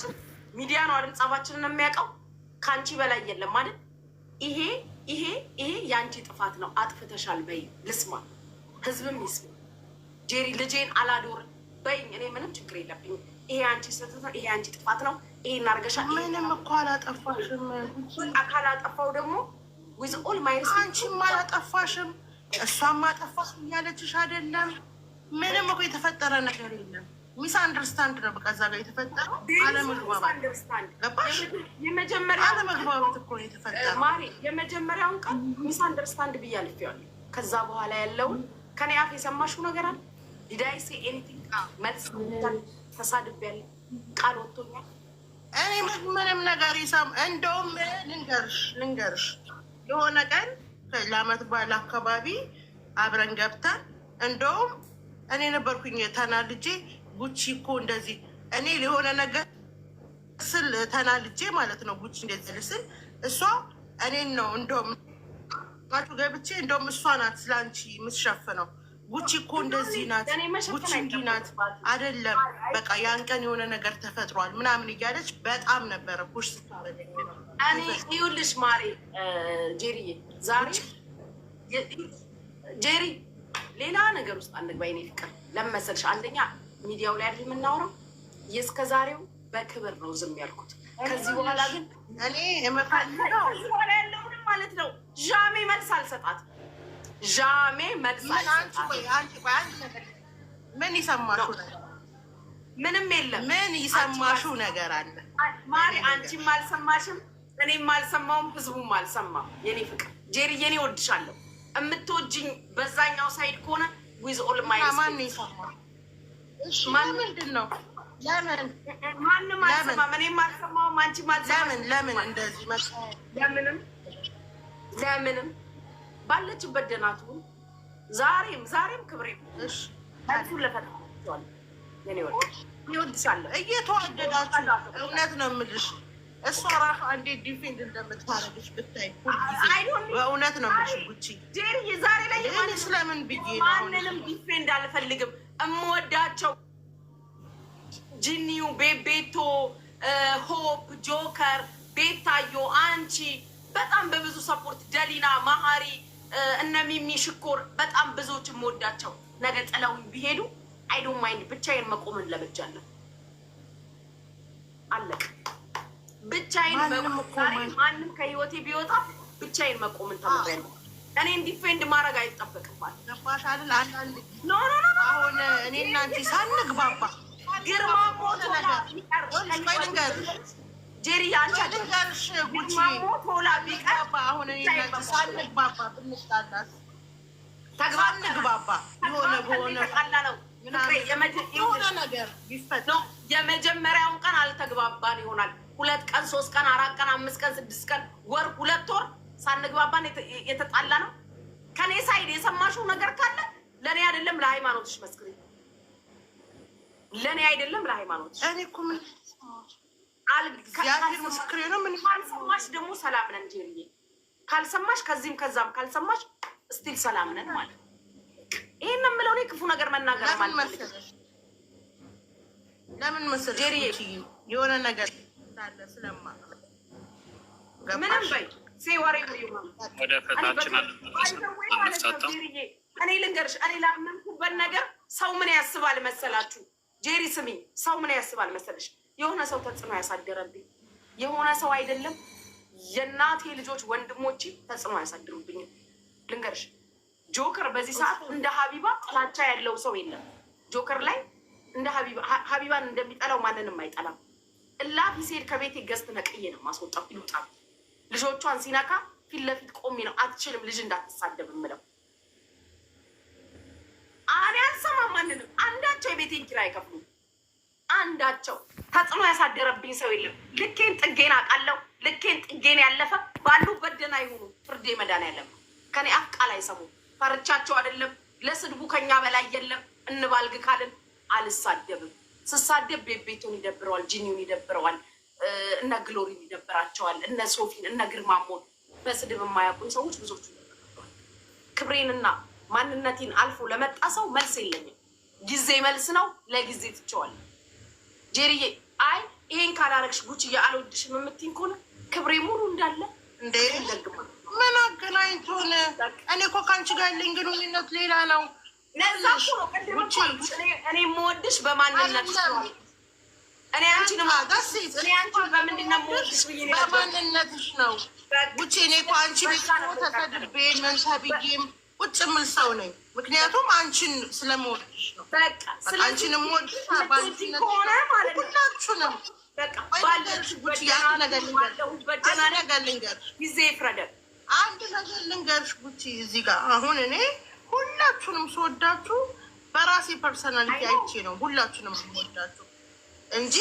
ድምጻችን ሚዲያ ነው አይደል? ጻፋችንን የሚያውቀው ከአንቺ በላይ የለም ማለት ይሄ ይሄ ይሄ የአንቺ ጥፋት ነው፣ አጥፍተሻል በይ። ልስማ፣ ህዝብም ይስማ። ጄሪ ልጄን አላዶር በይኝ። እኔ ምንም ችግር የለብኝ። ይሄ አንቺ ስህተት ነው፣ ይሄ አንቺ ጥፋት ነው፣ ይሄን አድርገሻል። ምንም እኮ አላጠፋሽም። አጠፋው ደግሞ ዊዝ ኦል ማይነስ አንቺም አላጠፋሽም፣ እሷም አጠፋሽ እያለችሽ አይደለም። ምንም እኮ የተፈጠረ ነገር የለም። ሚስ አንደርስታንድ ነው በቃ እዛ ጋር የተፈጠረው አለመግባባት። ገባሽ? አለመግባባት እኮ ነው የተፈጠረው ማሪ። የመጀመሪያውን ቀን ሚስ አንደርስታንድ ብዬ አልፌዋለሁ። ከዛ በኋላ ያለውን ከኔ አፍ የሰማሽው ነገር አለ? ዲዳይሴ ኤኒቲንግ? መልስ ተሳድቤያለሁ? ቃል ወጥቶኛል? እኔ ምንም ነገር ይሰም እንደውም ልንገርሽ ልንገርሽ የሆነ ቀን ለአመት በዓል አካባቢ አብረን ገብተን እንደውም እኔ ነበርኩኝ ተናድጄ ጉቺ እኮ እንደዚህ እኔ ለሆነ ነገር ስል ተናልጄ ማለት ነው። ጉቺ እንደዚህ ልስል እሷ እኔን ነው እንደውም ቃችሁ ገብቼ እንደውም እሷ ናት ስለአንቺ የምትሸፍነው። ጉቺ እኮ እንደዚህ ናት፣ ጉቺ እንዲህ ናት አይደለም በቃ ያን ቀን የሆነ ነገር ተፈጥሯል ምናምን እያለች በጣም ነበረ ሽ እኔ ይኸውልሽ ማሬ ጄሪ ዛሬ ጄሪ ሌላ ነገር ውስጥ አንግባ። የእኔ ፍቅር ለመሰልሽ አንደኛ ሚዲያው ላይ አይደል የምናወራው። የእስከ ዛሬው በክብር ነው ዝም ያልኩት። ከዚህ በኋላ ግን እኔ በኋላ ያለውንም ማለት ነው ዣሜ መልስ አልሰጣት። ዣሜ መልስ ምን ይሰማሹ? ምንም የለም። ምን ይሰማሹ ነገር አለ ማሪ። አንቺም አልሰማሽም፣ እኔም አልሰማውም፣ ህዝቡም አልሰማም። የኔ ፍቅር ጄሪ፣ የኔ ወድሻለሁ። የምትወጅኝ በዛኛው ሳይድ ከሆነ ዊዝ ኦል ማይ ማን ይሰማ ምንድን ነው? ለምን ማንም አልሰማም? እኔም አልሰማሁም፣ አንቺም አልሰማም። ለምን እንደዚህ ለምንም ለምንም ባለችበት ደህና ትሁን። ዛሬም ዛሬም ክብሬ ለፈጣሪ እየተዋደዳችሁ እውነት ነው የምልሽ እሷ ራሱ እንዴት ዲፌንድ እንደምታረግሽ ብታይ እውነት ነው የምልሽ ጉቺ ዛሬ ላይ ብዬ ማንንም ዲፌንድ አልፈልግም እምወዳቸው ጂኒው፣ ቤቤቶ፣ ሆፕ፣ ጆከር፣ ቤታዮ፣ አንቺ በጣም በብዙ ሰፖርት ደሊና፣ ማሀሪ፣ እነ ሚሚ ሽኮር በጣም ብዙዎች የምወዳቸው ነገ ጥለውኝ ቢሄዱ አይዶ ማይንድ ብቻዬን መቆምን ለምጃለሁ። አለቅ ብቻዬን ማንም ከህይወቴ ቢወጣ ብቻዬን መቆምን ተምሬያለሁ። እኔ ዲፌንድ ማድረግ አይጠበቅባትም። ገባሽ አይደል? አንዳንድ ኖ አሁን እኔ እናንቺ ሳንግባባ ግርማ ሞት ጄሪ አንቺ ልንገርሽ፣ ጉቺ አሁን ንግባባ የሆነ በሆነ ነው የሆነ ነገር ይፈት የመጀመሪያውን ቀን አልተግባባን ይሆናል። ሁለት ቀን፣ ሶስት ቀን፣ አራት ቀን፣ አምስት ቀን፣ ስድስት ቀን፣ ወር፣ ሁለት ወር ሳንግባባን የተጣላ ነው። ከኔ ሳይድ የሰማሽው ነገር ካለ ለእኔ አይደለም ለሃይማኖትሽ መስክሪ። ለእኔ አይደለም ለሃይማኖትሽ እኔ ነው። ምን ካልሰማሽ ደግሞ ሰላም ነን ጀርዬ። ካልሰማሽ ከዚህም ከዛም ካልሰማሽ ስቲል ሰላም ነን ማለት ነው። ይህን የምለው እኔ ክፉ ነገር መናገር ማለት ለምን መስል ጀርዬ የሆነ ነገር ስለማ ምንም በይ ወደ እኔ ልንገርሽ፣ እኔ ላመንኩበት ነገር ሰው ምን ያስባል መሰላችሁ? ጄሪ ስሚ፣ ሰው ምን ያስባል መሰለሽ? የሆነ ሰው ተጽዕኖ ያሳደረብኝ የሆነ ሰው አይደለም የእናቴ ልጆች ወንድሞች ተጽዕኖ ያሳድሩብኝ ልንገርሽ ጆከር በዚህ ሰዓት እንደ ሀቢባ ጥላቻ ያለው ሰው የለም። ጆከር ላይ እንደ ሀቢባን እንደሚጠላው ማንንም አይጠላም። እላፊ ሲሄድ ከቤቴ ገዝት ነቅዬ ነው ማስወጣው ይሉጣል ልጆቿን ሲነካ ፊት ለፊት ቆሜ ነው አትችልም ልጅ እንዳትሳደብ ምለው። እኔ አልሰማም ማንንም። አንዳቸው የቤቴን ኪራይ አይከፍሉም። አንዳቸው ተጽዕኖ ያሳደረብኝ ሰው የለም። ልኬን ጥጌን አውቃለሁ። ልኬን ጥጌን ያለፈ ባሉበት ደህና ይሁኑ። ፍርዴ መድኃኒዓለም ከኔ አፍቃል አይሰሙም። ፈርቻቸው አይደለም። ለስድቡ ከኛ በላይ የለም። እንባልግ ካልን አልሳደብም። ስሳደብ ቤቤቱን ይደብረዋል፣ ጂኒውን ይደብረዋል። እነ ግሎሪ ይደብራቸዋል፣ እነ ሶፊን፣ እነ ግርማሞን በስድብ የማያውቁኝ ሰዎች ብዙዎቹ ይደብራቸዋል። ክብሬንና ማንነቴን አልፎ ለመጣ ሰው መልስ የለኝም። ጊዜ መልስ ነው፣ ለጊዜ ትቸዋል። ጄሪዬ አይ ይሄን ካላረግሽ ጉቺ የአልወድሽም የምትይኝ ከሆነ ክብሬ ሙሉ እንዳለ እንደ ይለግማ ምን አገናኝቶ እኔ እኮ ከአንቺ ጋር ያለኝ ግንኙነት ሌላ ነው። ነዛ እኮ ነው ቅድም እኔ የምወድሽ በማንነት እኔ አንቺን ሴት በማንነትሽ ነው ውጭ። እኔ እኮ አንቺ ቤት ተሰድቤ ምን ተብዬም ቁጭ የምል ሰው ነኝ። ምክንያቱም አንቺን ስለምወድሽ ነው። አንቺን ነው። አንድ ነገር ልንገርሽ ጉቺ፣ እዚህ ጋር አሁን እኔ ሁላችሁንም ስወዳችሁ በራሴ ፐርሰናሊቲ አይቼ ነው ሁላችሁንም ስወዳችሁ እንጂ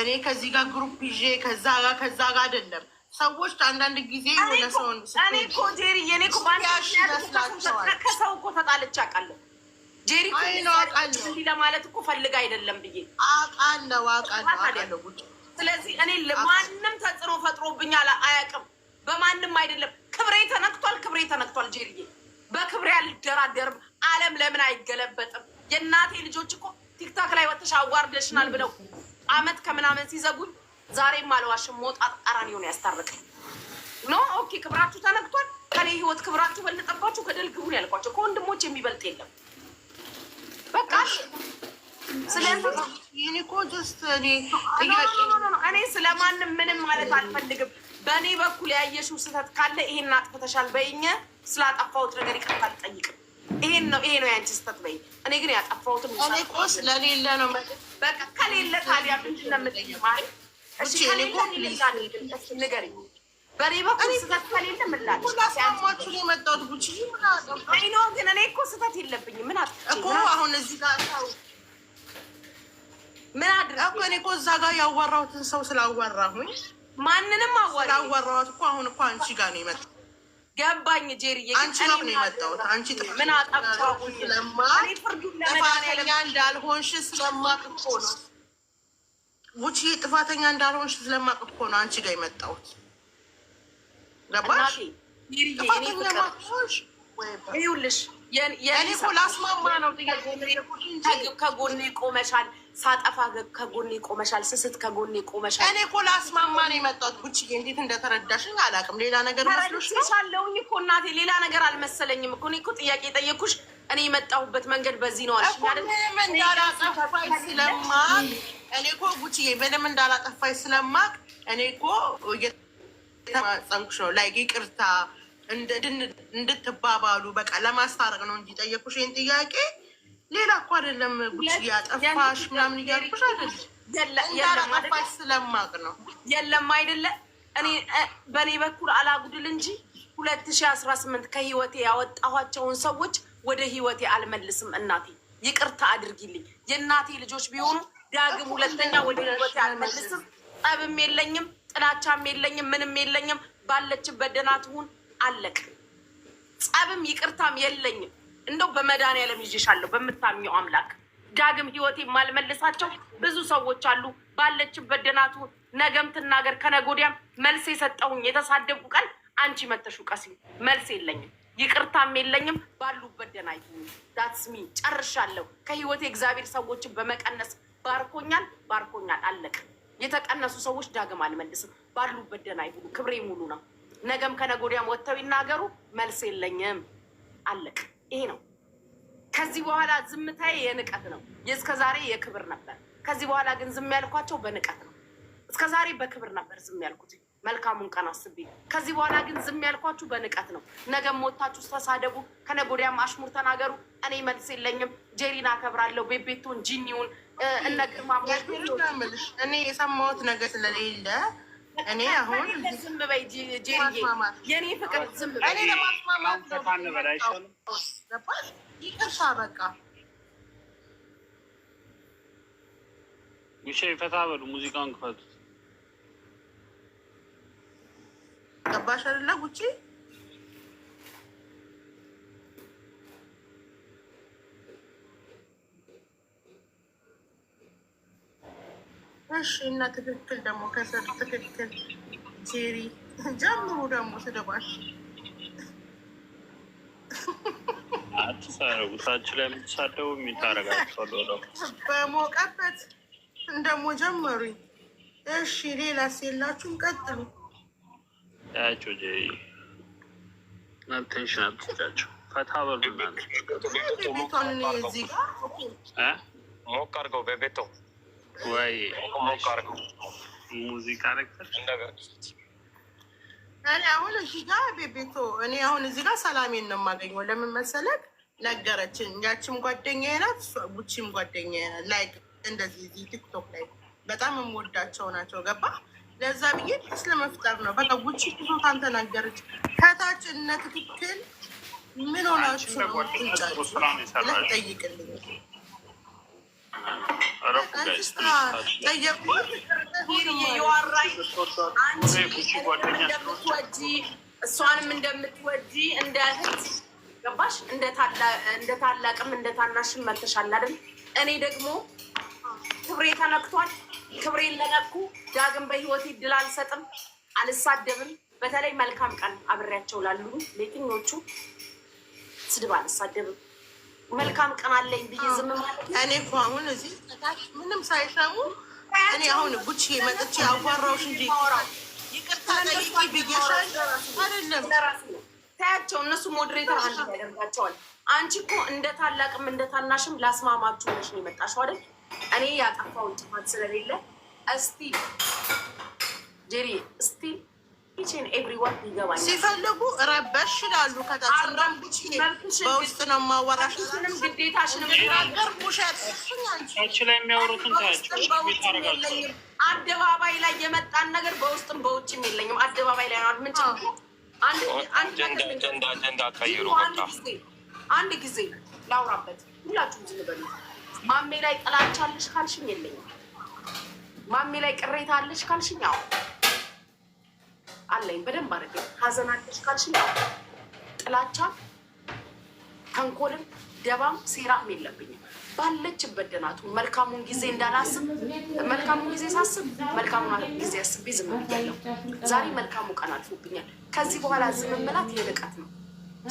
እኔ ከዚህ ጋር ግሩፕ ይዤ ከዛ ጋር ከዛ ጋር አይደለም። ሰዎች አንዳንድ ጊዜ የሆነ ሰውን እኔ እኮ ጄሪ የኔ እኮ ከሰው እኮ ተጣልቼ አውቃለሁ። ጄሪ እንዲህ ለማለት እኮ ፈልግ አይደለም ብዬ አውቃለሁ አውቃለሁ ስለዚህ እኔ ማንም ተጽዕኖ ፈጥሮብኝ አያውቅም። በማንም አይደለም። ክብሬ ተነክቷል፣ ክብሬ ተነክቷል። ጄሪዬ በክብሬ አልደራደርም። ዓለም ለምን አይገለበጥም? የእናቴ ልጆች እኮ ቲክታክ ላይ ወተሽ አዋርደሽናል ብለው አመት ከምናምን ሲዘጉኝ ዛሬም አልዋሽም። መውጣት ቀራንዮን ያስታርቀኝ ኖ ኦኬ። ክብራችሁ ተነግቷል። ከኔ ህይወት ክብራችሁ በለጠባችሁ። ገደል ግቡን ያልኳቸው ከወንድሞች የሚበልጥ የለም። በቃ እኔ ስለማንም ምንም ማለት አልፈልግም። በእኔ በኩል ያየሽው ስህተት ካለ ይሄን አጥፍተሻል በይኝ። ስላጠፋሁት ነገር ይቅርታ አልጠይቅም። ይሄን ነው ይሄ ነው ያንቺ ስህተት በይ። እኔ ግን ያጠፋሁትም ስ ለሌለ ነው በቃ ከሌለ ታዲያ ምንድን ነው የምጠይም? አይ እሺ ከሌለ ንገሪኝ። በእኔ በኩል ስህተት ከሌለ ምላችሁ ነው የመጣሁት። ጉቺ ግን እኔ እኮ ስህተት የለብኝም። ምን እኮ አሁን እዚህ ጋር ምን አድርግ እኮ እኔ እኮ እዛ ጋር ያዋራሁትን ሰው ስላዋራሁኝ ማንንም አዋራ ስላዋራኋት እኮ አሁን እኮ አንቺ ጋር ነው የመጣሁት ገባኝ ጄሪዬ፣ ምን አጠፋሁኝ? ጥፋተኛ እንዳልሆንሽ ስለማቅ እኮ ነው ውጪ፣ ጥፋተኛ እንዳልሆንሽ ስለማቅ እኮ ነው አንቺ ጋር የመጣሁት። ገባሽ? ይኸውልሽ፣ እኔ እኮ ላስማማ ነው። ከጎኔ ቆመሻል። ሳጠፋ ከጎኔ ቆመሻል፣ ስስት ከጎኔ ቆመሻል። እኔ እኮ ላስማማ ነው የመጣሁት። ጉቺዬ እንዴት እንደተረዳሽኝ አላውቅም። ሌላ ነገር መስሎሻለሁኝ እኮ እናቴ፣ ሌላ ነገር አልመሰለኝም እኮ። እኔ እኮ ጥያቄ የጠየኩሽ እኔ የመጣሁበት መንገድ በዚህ ነው አልሽ። ምንም እንዳላጠፋኝ ስለማቅ እኔ እኮ ጉቺዬ፣ ምንም እንዳላጠፋይ ስለማቅ እኔ እኮ እየተማጸንኩሽ ነው ላይ ይቅርታ እንድትባባሉ በቃ ለማስታረቅ ነው እንጂ ጠየኩሽ ይህን ጥያቄ ሌላ እኮ አይደለም ጉጭ ያጠፋሽ ምናምን እያልኩሽ አይደለም፣ ስለማቅ ነው። የለም አይደለ እኔ በእኔ በኩል አላጉድል እንጂ ሁለት ሺ አስራ ስምንት ከህይወቴ ያወጣኋቸውን ሰዎች ወደ ህይወቴ አልመልስም። እናቴ ይቅርታ አድርጊልኝ። የእናቴ ልጆች ቢሆኑ ዳግም ሁለተኛ ወደ ህይወቴ አልመልስም። ጠብም የለኝም፣ ጥላቻም የለኝም፣ ምንም የለኝም። ባለችበት ደህና ትሁን፣ አለቅ። ጸብም ይቅርታም የለኝም። እንደው በመድኃኒዓለም ይዤሻለሁ በምታምኘው አምላክ ዳግም ህይወቴ የማልመልሳቸው ብዙ ሰዎች አሉ። ባለችበት ደናቱ ነገም ትናገር ከነጎዲያም መልስ የሰጠውኝ የተሳደቡ ቀን አንቺ መተሹ ቀሲ መልስ የለኝም ይቅርታም የለኝም። ባሉበት ደና ይሁን ዳትስሚ ጨርሻለሁ። ከህይወቴ እግዚአብሔር ሰዎችን በመቀነስ ባርኮኛል፣ ባርኮኛል። አለቅ የተቀነሱ ሰዎች ዳግም አልመልስም። ባሉበት ደና ይሁኑ። ክብሬ ሙሉ ነው። ነገም ከነጎዲያም ወጥተው ይናገሩ መልስ የለኝም። አለቅ ይሄ ነው። ከዚህ በኋላ ዝምታዬ የንቀት ነው። የእስከ ዛሬ የክብር ነበር። ከዚህ በኋላ ግን ዝም ያልኳቸው በንቀት ነው። እስከ ዛሬ በክብር ነበር ዝም ያልኩት፣ መልካሙን ቀን አስቤ። ከዚህ በኋላ ግን ዝም ያልኳችሁ በንቀት ነው። ነገም ሞታችሁ ተሳደቡ፣ ከነገ ወዲያም አሽሙር ተናገሩ። እኔ መልስ የለኝም። ጄሪን አከብራለሁ፣ ቤቤቱን፣ ጂኒውን እነግርማ እኔ የሰማሁት ነገር ስለሌለ እኔ አሁን ዝም በይ ጄሪዬ፣ የኔ ፍቅር ዝም በይ። እኔ ለማስማማት ይቅርታ፣ በቃ ሚሼ ፈታ በሉ፣ ሙዚቃውን ክፈቱት። ገባሽ አይደለ ውጪ እሺ እና ትክክል ደግሞ ከሰር ትክክል ቴሪ ጀምሩ ደግሞ ስደባሽ አትሳረጉታችሁ ላይ የምትሳደቡ የሚታረጋቸው በሞቀበት እንደሞ ጀመሩኝ። እሺ ሌላ የላችሁም? ቀጥሉ። ያቸው ጄሪ ናቴንሽን አትስጫቸው። ፈታ በሉ ቤቷን ሞቅ አርገው በቤቶ ወይ ሙዚቃ ነገር እኔ አሁን እዚህ ጋር ቤቤቶ እኔ አሁን እዚህ ጋር ሰላሜን ነው የማገኘው። ለምን መሰለህ ነገረችን ያችም ጓደኛ ናት፣ ቡቺም ጓደኛዬ ላይክ እንደዚህ እዚህ ቲክቶክ ላይ በጣም የምወዳቸው ናቸው። ገባ ለዛ ብዬ ስ ለመፍጠር ነው በቃ ቡቺ ክሶታን ተናገረች። ከታች እነ ትክክል ምን ሆናችሁ ነው? ጥያቄ እሷንም እንደምትወጂ እንደ እህት ገባሽ፣ እንደ ታላቅም እንደ ታናሽም መተሻል አይደል? እኔ ደግሞ ክብሬ ተነክቷል። ክብሬን ለነኩ ዳግም በህይወት እድል አልሰጥም፣ አልሳደብም። በተለይ መልካም ቀን አብሬያቸው ላሉ ለየትኞቹ ስድብ አልሳደብም። መልካም ቀን አለኝ ብዬ ዝም እኔ እኮ አሁን እዚህ ምንም ሳይሰሙ እኔ አሁን ጉቺ መጥቼ አዋራሁሽ እንጂ ይቅርታ ጠይቂ ብዬሻል አይደለም። ታያቸው እነሱ ሞድሬተር አንድ ያደርጋቸዋል። አንቺ እኮ እንደ ታላቅም እንደ ታናሽም ላስማማችሁ ነሽ ነው የመጣሽው አይደል? እኔ ያጠፋውን ጥፋት ስለሌለ እስቲ ጄሪ እስቲ ሲፈልጉ ረበሽ ይላሉ። በውስጥ ነው ማወራሽ አደባባይ ላይ የመጣን ነገር በውስጥም በውጭም የለኝም። አደባባይ ላይ ምን አንድ ጊዜ ላውራበት ሁላችሁም ዝም በሉ። ማሜ ላይ ጥላቻ ካልሽኝ የለኝም። ማሜ ላይ ቅሬታ አለሽ ካልሽኝ አዎ አለኝ በደንብ አድርጌ። ሀዘን አለሽ ካልሽ ጥላቻ፣ ተንኮልም ደባም ሴራም የለብኝም። ባለችበት ደናቱ መልካሙን ጊዜ እንዳላስብ መልካሙን ጊዜ ሳስብ መልካሙን ጊዜ አስቤ ዝም ብያለሁ። ዛሬ መልካሙ ቀን አልፎብኛል። ከዚህ በኋላ ዝም ብላት የንቀት ነው።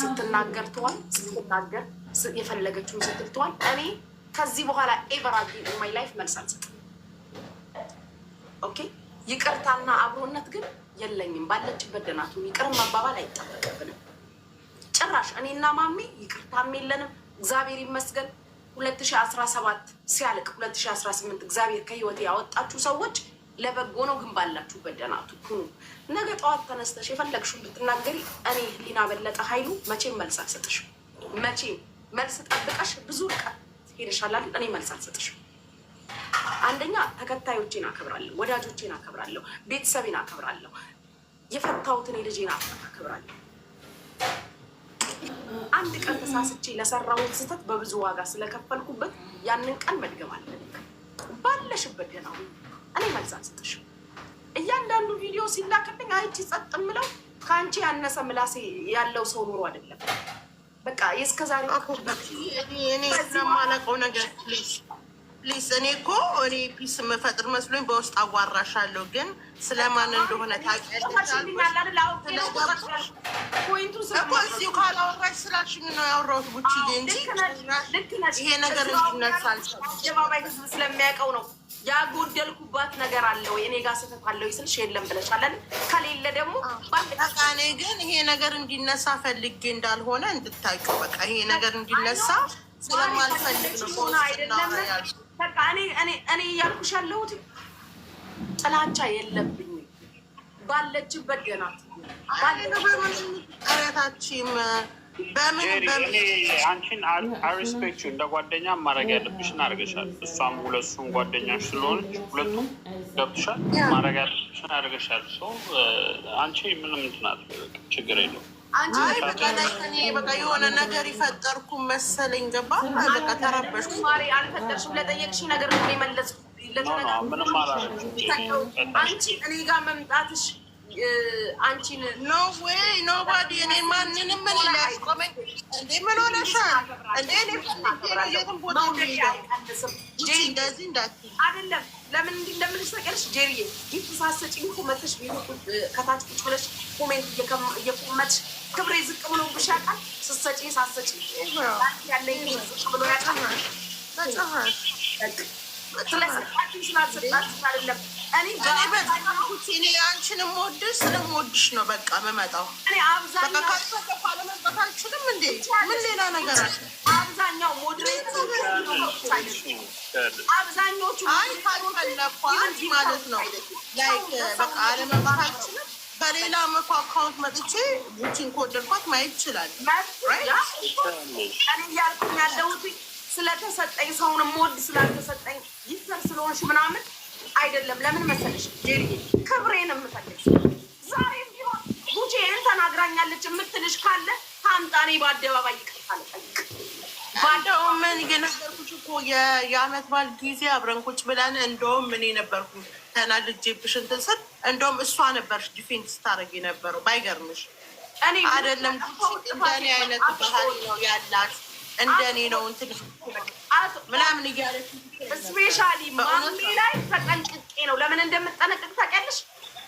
ስትናገር ትዋል፣ ስትናገር የፈለገችውን ስትል ትዋል። እኔ ከዚህ በኋላ ኤቨር ማይ ላይፍ መልስ አልሰጥም። ኦኬ ይቅርታና አብሮነት ግን የለኝም ባለችበት ደናቱ ይቅር መባባል አይጠበቅብንም ጭራሽ። እኔና ማሚ ይቅርታም የለንም። እግዚአብሔር ይመስገን 2017 ሲያልቅ 2018 እግዚአብሔር ከህይወት ያወጣችሁ ሰዎች ለበጎ ነው። ግን ባላችሁበት ደህና ትሁኑ። ነገ ጠዋት ተነስተሽ የፈለግሽውን ብትናገሪ እኔ ህሊና በለጠ ኃይሉ መቼም መልስ አልሰጥሽም። መቼም መልስ ጠብቀሽ ብዙ ርቀት ሄደሻል። እኔ መልስ አልሰጥሽም። አንደኛ ተከታዮቼን አከብራለሁ፣ ወዳጆቼን አከብራለሁ፣ ቤተሰቤን አከብራለሁ፣ የፈታሁትን የልጄን አከብራለሁ። አንድ ቀን ተሳስቼ ለሰራሁት ስህተት በብዙ ዋጋ ስለከፈልኩበት ያንን ቀን መድገም አለብኝ። ባለሽበት ገና እኔ መልስ አልሰጥሽም። እያንዳንዱ ቪዲዮ ሲላክልኝ አይቺ ጸጥ ምለው ከአንቺ ያነሰ ምላሴ ያለው ሰው ኑሮ አይደለም። በቃ የእስከዛሬ እኔ የማላውቀው ነገር ፕሊስ እኔ እኮ እኔ ፒስ የምፈጥር መስሎኝ በውስጥ አዋራሻለሁ፣ ግን ስለማን እንደሆነ ታውቂያለሽ። ካላወራሽ ስላልሽኝ ነው ያወራሁት ቡችዬ፣ እንጂ ይሄ ነገር እንዲነሳ አልሰማሁም። ስለሚያውቀው ነው ያጎደልኩባት ነገር አለ ወይ እኔ ጋር ስህተት አለ ወይ ስልሽ የለም ብለሻለን። ከሌለ ደግሞ በቃ እኔ ግን ይሄ ነገር እንዲነሳ ፈልጌ እንዳልሆነ እንድታውቂው፣ በቃ ይሄ ነገር እንዲነሳ ስለማልፈልግ ነው። አይደለም በቃ እኔ እኔ እኔ እያልኩሽ ያለሁት ጥላቻ የለብኝም። ባለችበት ገና ባለችበታችን በምን አንቺን አሪስፔክት እንደ ጓደኛ ማድረግ ያለብሽን አድርገሻል። እሷም ሁለቱም ጓደኛሽ ስለሆነች ሁለቱም ገብቶሻል። ማድረግ ያለብሽን አድርገሻል። አንቺ ምንም እንትን ችግር የለውም። አንቺ በቃ የሆነ ነገር ይፈጠርኩ መሰለኝ። ገባ በቃ ተረበሽ። ማሪ አልፈጠርሽም። ለጠየቅሽኝ ነገር ነው የመለስኩት። ለተነጋ አንቺ እኔ ጋር መምጣትሽ አንቺን ኖ ወይ ኖባዲ እኔ ማንንም እንዴ? ምን ሆነሻል እንዴ? የትም ቦታ እንደዚህ እንዳትዪ አይደለም። ለምን እንዲህ እንደምልሽ ታውቂያለሽ ጄሪዬ፣ ጊፍት ሳትሰጪኝ እኮ መተሽ ከታች ቁጭ ብለሽ ኮሜንት እየቆመትሽ ክብሬ ዝቅ ብሎ ብሽ ያውቃል። ስትሰጪኝ ያለኝ ዝቅ ብሎ ያውቃል። እኔ አንቺን የምወድሽ ስለምወድሽ ነው። በቃ የምመጣው አልችልም እንዴ? ምን ሌላ ነገር አብዛኛው አብዛኞቹ ማለት ነው ላይክ በሌላ መቶ አካውንት መጥቼ ቡቲን ከወደድኳት ማየት ይችላል። ስለተሰጠኝ ሰውን የምወድ ስላልተሰጠኝ ይሰር ስለሆንሽ ምናምን አይደለም። ለምን መሰለሽ ጄሪ ክብሬን የምፈልግ ዛሬም ቢሆን ይህን ተናግራኛለች የምትልሽ ካለ ታምጣኔ በአደባባይ ይቅርታ ልጠይቅ። ምን የነገርኩሽ እኮ የአመት በዓል ጊዜ አብረን ቁጭ ብለን እንደውም እኔ ነበርኩ ተናድጄብሽ እንትን ስል እንደውም እሷ ነበርሽ ዲፌንስ ስታደርግ የነበረው ባይገርምሽ። እኔ አይደለም እንደኔ አይነት ባህል ነው ያላት እንደኔ ነው እንትን ምናምን እያለች ስፔሻሊ ማሜ ላይ ተጠንቅቄ ነው። ለምን እንደምጠነቅቅ ታውቂያለሽ?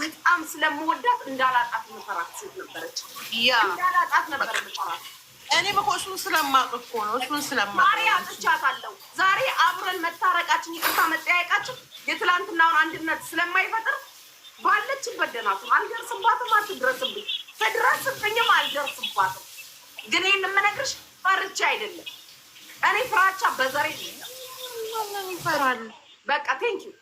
በጣም ስለምወዳት እንዳላጣት መሰራት ሴት ነበረች። እንዳላጣት ነበር መሰራት እኔ በኮ እሱን ስለማቅ እኮ ነው። እሱን ስለማቅ ዛሬ አጥቻታለሁ። ዛሬ አብረን መታረቃችን ይቅርታ መጠያየቃችን የትላንትናውን አንድነት ስለማይፈጥር ባለችበት ደህና ስም አልደርስባትም። አትድረስብኝ፣ ትድረስብኝም አልደርስባትም። ግን ይህን የምነግርሽ ፈርቼ አይደለም። እኔ ፍራቻ በዘሬ ይፈራሉ። በቃ ቴንኪው